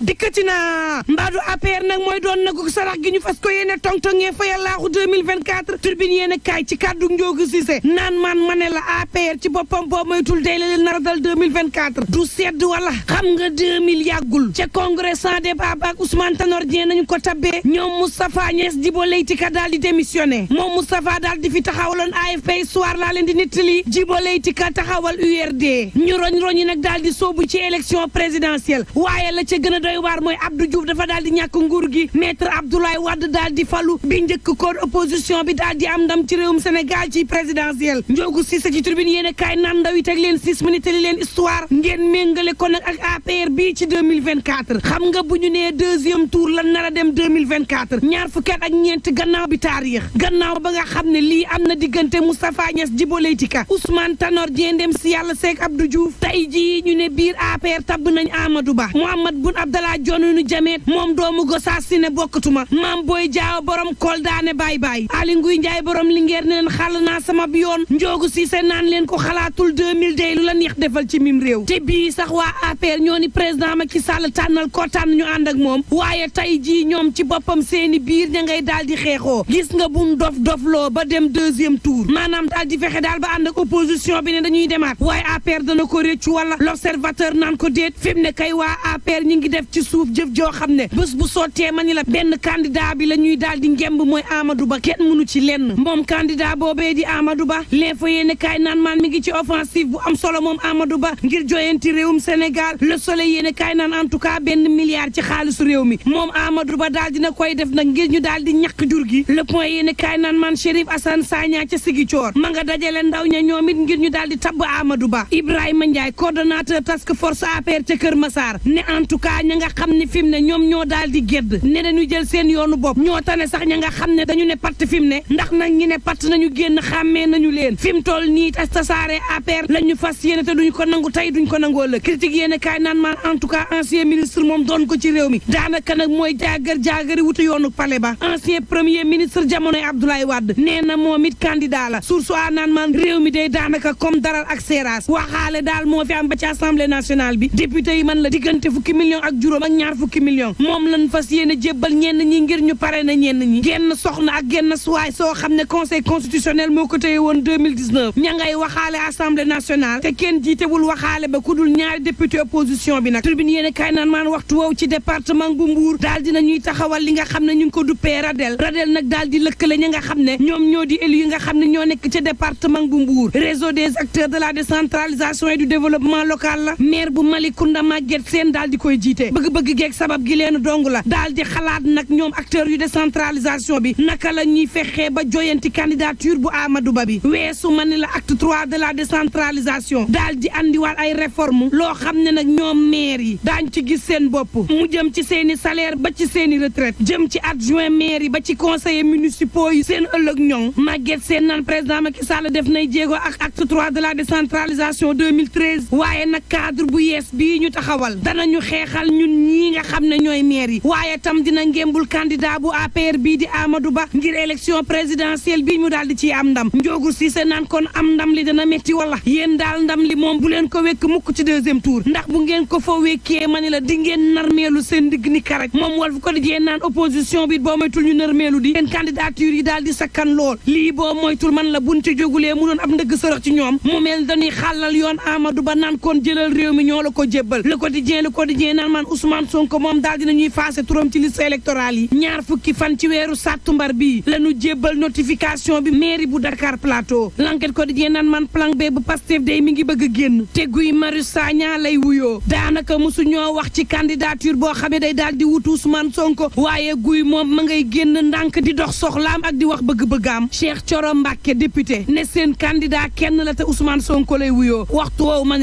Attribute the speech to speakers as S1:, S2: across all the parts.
S1: dikkati na mbaadu APR nag mooy doon nagu sarax gi ñu fas ko yéene tongtongee fa yàllaaxu 2024 turbine yéen a kaay ci kàddu njoogu Cissé naan man ma ne la APR ci boppam boo moytul day la leen nar a dal 2024 du sedd wala xam nga 2000 yàggul ca congrès sans débat ba ak Ousmane Tanor Dieng nañu ko tabbee ñoom Moustapha Niass Djibo Leyti Ka daal di démissionné moom Moustapha daal di fi taxawaloon AFP soir laa leen di nettali Djibo Leyti Ka taxawal URD ñu roñ roñi nag daal di ci élection présidentielle waaye la a doy waar mooy Abdou Diouf dafa daal di ñàkk nguur gi maître Abdoulaye Wade daal di falu bi njëkk koon opposition bi daal di am ndam ci réewum Sénégal ci présidentielle Ndiogou Cissé ci tribune yéen a kaay naan ndaw yi teg leen six minutes li leen histoire ngeen méngale ko nag ak APR bii ci 2024 xam nga bu ñu nee deuxième tour la nar a dem 2024 ñaar fukki ak ñeent gannaaw bi taarix gannaaw ba nga xam ne lii am na diggante Moustapha Niass Djibo Leyti Ka Ousmane Tanor Dieng dem si yàlla Seck Abdou ñu ne biir APR tabb nañ Amadou Ba Mouhamed Talla jonunu jameet moom doomu Gosaas si ne bokkatuma maam booy jaaw borom koldaane baay baay Ali Nguy Njaay borom lingeer ne leen xàll naa sama bi yoon njoogu Siise naan leen ko xalaatul 2000 day lu la neex defal ci miin réew te bii sax waa APR ñoo ni président ma Macky Sall tànnal ko tànn ñu ànd ak moom waaye tey jii ñoom ci boppam seeni biir ña ngay daal di xeexoo gis nga buñ dof dofloo ba dem deuxième tour maanaam daal di fexe daal ba ànd ak opposition bi ne dañuy demaat waaye APR dana ko réccu wala l'observateur naan ko déet fi ne kay waa APR ñi ngi def ci suuf jëf joo xam ne bés bu sottee ma ni la benn candidat bi la ñuy daal di ngemb mooy Amadou Ba kenn mënu ci lenn moom candidat boobee di Amadou Ba l'info yéene kaay naan maan mi ngi ci offensive bu am solo moom Amadou Ba ngir joyanti réewum Sénégal le soleil yéene kaay naan en tout cas benn milliard ci xaalisu réew mi moom Amadou Ba daal dina koy def nag ngir ñu daal di ñàkk jur gi le point yéene kaay naan maan Chérif Assane Sagna ca Sigicoor ma nga dajale ndaw ña ñoom it ngir ñu daal di tabb Amadou Ba Ibrahima Ndiaye coordonnateur task force APR ca Kër Massar en tout nga xam ne fi mu ne ñoom ñoo daal di gédd ne dañu jël seen yoonu bopp ñoo tane sax ña nga xam ne dañu ne patt fi mu ne ndax nag ñi ne patt nañu génn xàmmee nañu leen fi mu toll nii tas tasaare APR la ñu fas yéene te duñu ko nangu tey duñ ko nangoo la critique yéene kaay naan maan en tout cas ancien ministre moom doon ko ci réew mi daanaka nag mooy jaagar jaagari wutu yoonu pale ba ancien premier ministre jamonoy Abdoulaye Wade nee na moom it candidat la source a naan maan réew mi day daanaka comme daral ak seeraas waxaale daal moo fi am ba ci assemblée nationale bi député yi man la diggante fukki million ak juróom ak ñaar fukki millions moom lañ fas yéene jébbal ñenn ñi ngir ñu pare na ñenn ñi genn soxna ak genn suwaay soo xam ne conseil constitutionnel moo ko téye woon 2019 ña ngay waxaale assemblée nationale te kenn jiitewul waxaale ba ku dul ñaari député opposition bi nag tribune yéene kaay naan maan waxtu woowu ci département bu Mbour daal dina ñuy taxawal li nga xam ne ñu ngi ko duppee Radel Radel nag daal di lëkkale ña nga xam ne ñoom ñoo di élu yi nga xam ne ñoo nekk ca département bu Mbour réseau des acteurs de la décentralisation et du développement local la maire bu Malicounda Maguette Sène daal di koy jiite bëgg-bëgg geeg sabab gi leen dong la daal di xalaat nag ñoom acteur yu décentralisation bi naka la ñuy fexee ba joyanti candidature bu Amadou Ba bi weesu ma ni la acte trois de la décentralisation daal di indiwaal ay réforme loo xam ne nag ñoom maire yi daañ ci gis seen bopp mu jëm ci seeni salaire ba ci seeni retraite jëm ci adjoint maire yi ba ci conseillers municipaux yi seen ëllëg ñoŋ màgget seen naan président Macky Sall def nay jéego ak acte trois de la décentralisation 2013 waaye nag cadre bu yees bii ñu taxawal danañu xeexal ñun ñii nga xam ne ñooy maire yi waaye tam dina ngémbul candidat bu APR bii di Amadou Ba ngir élection présidentielle bii mu daal di ciy am ndam njoogu Cissé naan kon am ndam li dana métti wala yéen daal ndam li moom bu leen ko wekk mukk ci deuxième tour ndax bu ngeen ko fa wekkee ma ni la di ngeen narmeelu seen digg ni karaj moom wal fu ko di jee naan opposition bi boo moytul ñu narmeelu di seen candidature yi daal di sakkan lool lii boo moytul man la buñ ci jógulee mu doon ab ndëgg sërëx ci ñoom mu mel dañuy xàllal yoon Amadou Ba naan kon jëlal réew mi ko jébbal le quotidien le quotidien naan Ousmane Sonko moom daal dina ñuy faase turam ci liste électorale yi ñaar fukki fan ci weeru sàttumbar bi la ñu jébbal notification bi mairie bu Dakar Plateau l'enquête quotidien naan man plan B bu Pastef day mi ngi bëgg génn te Guy Marius Sagna lay wuyoo daanaka mosu ñoo wax ci candidature boo xam ne day daal di wutu Ousmane Sonko waaye Guy moom ma ngay génn ndànk di dox soxlaam ak di wax bëgg-bëggaam Cheikh Thioro Mbacké député ne seen candidat kenn la te Ousmane Sonko lay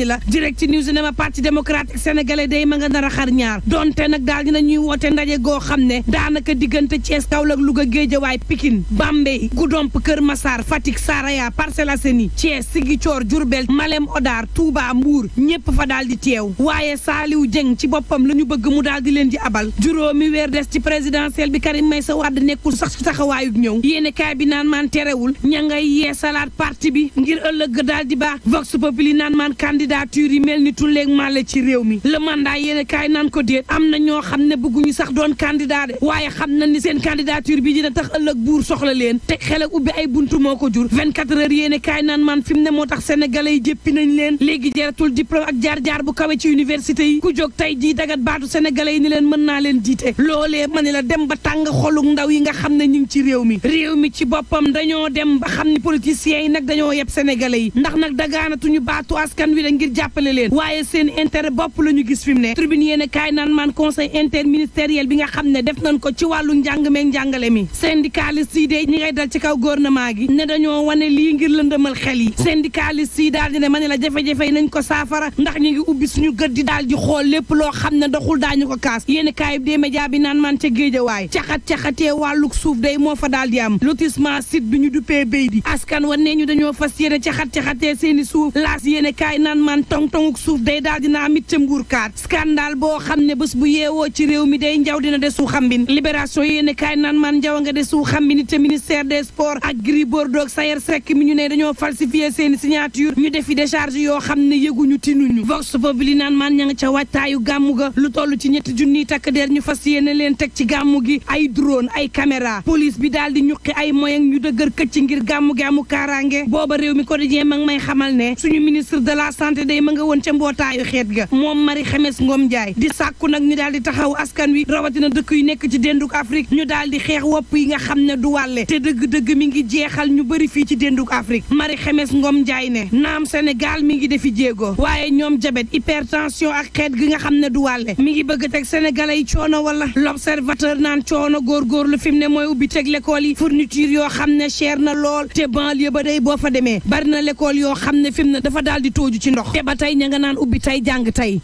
S1: la direct news ne ma parti démocratique sénégalais day ma nga nar a ñaar donte nag daal dina ñuy woote ndaje goo xam ne daanaka diggante Thiès Kaolack Louga Géejawaay Pikine Bambey Goudomp Kër Massar Fatick Saraya Parcelles Assainies Thiès Ziguinchor Diourbel Malem Hodar Touba mbuur ñépp fa daal di teew waaye Saliou jëng ci boppam la ñu bëgg mu daal di leen di abal juróomi weer des ci présidentielle bi Karim sa Wade nekkul sax ci taxawaayu ñëw yéene kaay bi naan maan terewul ña ngay yeesalaat parti bi ngir ëllëg daal di baax vox populi naan maan candidature yi mel ni tulleeg màlle ci réew mi naan nañ ko am na ñoo xam ne bëgguñu sax doon candidat de waaye xam na ni seen candidature bi dina tax ëllëg buur soxla leen te xel ak ubbi ay buntu moo ko jur 24 heures yéene kaay naan man fi mu ne moo tax sénégalais yi jëpp nañ leen léegi jaratul diplôme ak jaar-jaar bu kawe ci université yi ku jog tey jii dagat baatu sénégalais yi ni leen mën naa leen jiite loolee ma ne la dem ba tàng xoluk ndaw yi nga xam ne ñu ngi ci réew mi réew mi ci boppam dañoo dem ba xam ni politiciens yi nag dañoo yeb sénégalais yi ndax nag dagaanatuñu baatu askan wi la ngir jàppale leen waaye seen intérêt bopp la ñu gis fi mu ne kaay naan man conseil interministériel bi nga xam ne def nañ ko ci wàllu njàng meeg njàngale mi syndicaliste yi de ñi ngay dal ci kaw gouvernement gi ne dañoo wane lii ngir lëndëmal xel yi syndicaliste sii daal di ne ma ne la jafe-jafe yi nañ ko saafara ndax ñu ngi ubbi suñu gët di daal di xool lépp loo xam ne doxul daañu ko kaas yéen kaayub dee média bi naan man ca géejawaay caxat caxatee wàlluk suuf day moo fa daal di am lotissement site bi ñu duppee béy di askan wan nee ñu dañoo fas yéene caxat caxatee seeni suuf laas yéen kaay naan man tong suuf day daal dina amit ca mbuur kaat scandale xam ne bés bu yeewoo ci réew mi day njaw dina desu xambin libération yéene kaay naan man njaw a nga desu xambin te ministère des sports ak Gris Bordeaux Sayer Seck mi ñu ne dañoo falsifié seen signature ñu defi décharge yoo xam ne yëguñu tinuñu vox populi naan man ña nga ca waajtaayu gàmmu ga lu toll ci ñetti junniy takk der ñu fas yéene leen teg ci gàmmu gi ay drone ay caméra police bi daal di ñuqi ay moyen ñu dëgër këcc ngir gàmmu gi amu kaaraange booba réew mi quotidien ma may xamal ne suñu ministre de la santé day nga woon ca mbootaayu xeet ga moom Marie Xemes Ngom Ndiaye sàkku nag ñu daal di taxaw askan wi rawatina dëkk yu nekk ci dénduk Afrique ñu daal di xeex wopp yi nga xam ne du wàlle te dëgg-dëgg mi ngi jeexal ñu bari fii ci dénduk Afrique mari Xemes ngoom Njaay ne naam senegal mi ngi defi jéego waaye ñoom jabet hypertension ak xeet gi nga xam ne du wàlle mi ngi bëgg teg sénégalais yi coono wala l'observateur naan coono góorgóorlu fi mu ne mooy ubbi teg l'école yi fourniture yoo xam ne cher na lool te banlieue ba day boo fa demee bari na l'école yoo xam ne fi mu ne dafa daal di tooju ci ndox ba tey ña nga naan ubbi tey jàng tey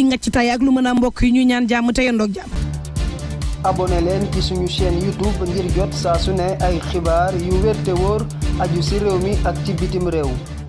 S1: ay ngacc tay ak lu mën a mbokk yi ñu ñaan jàmm te yendoog jàmm leen ci suñu chaîne youtube ngir jot saa su ne ay xibaar yu wér te wóor aju si réew mi ak ci bitim réew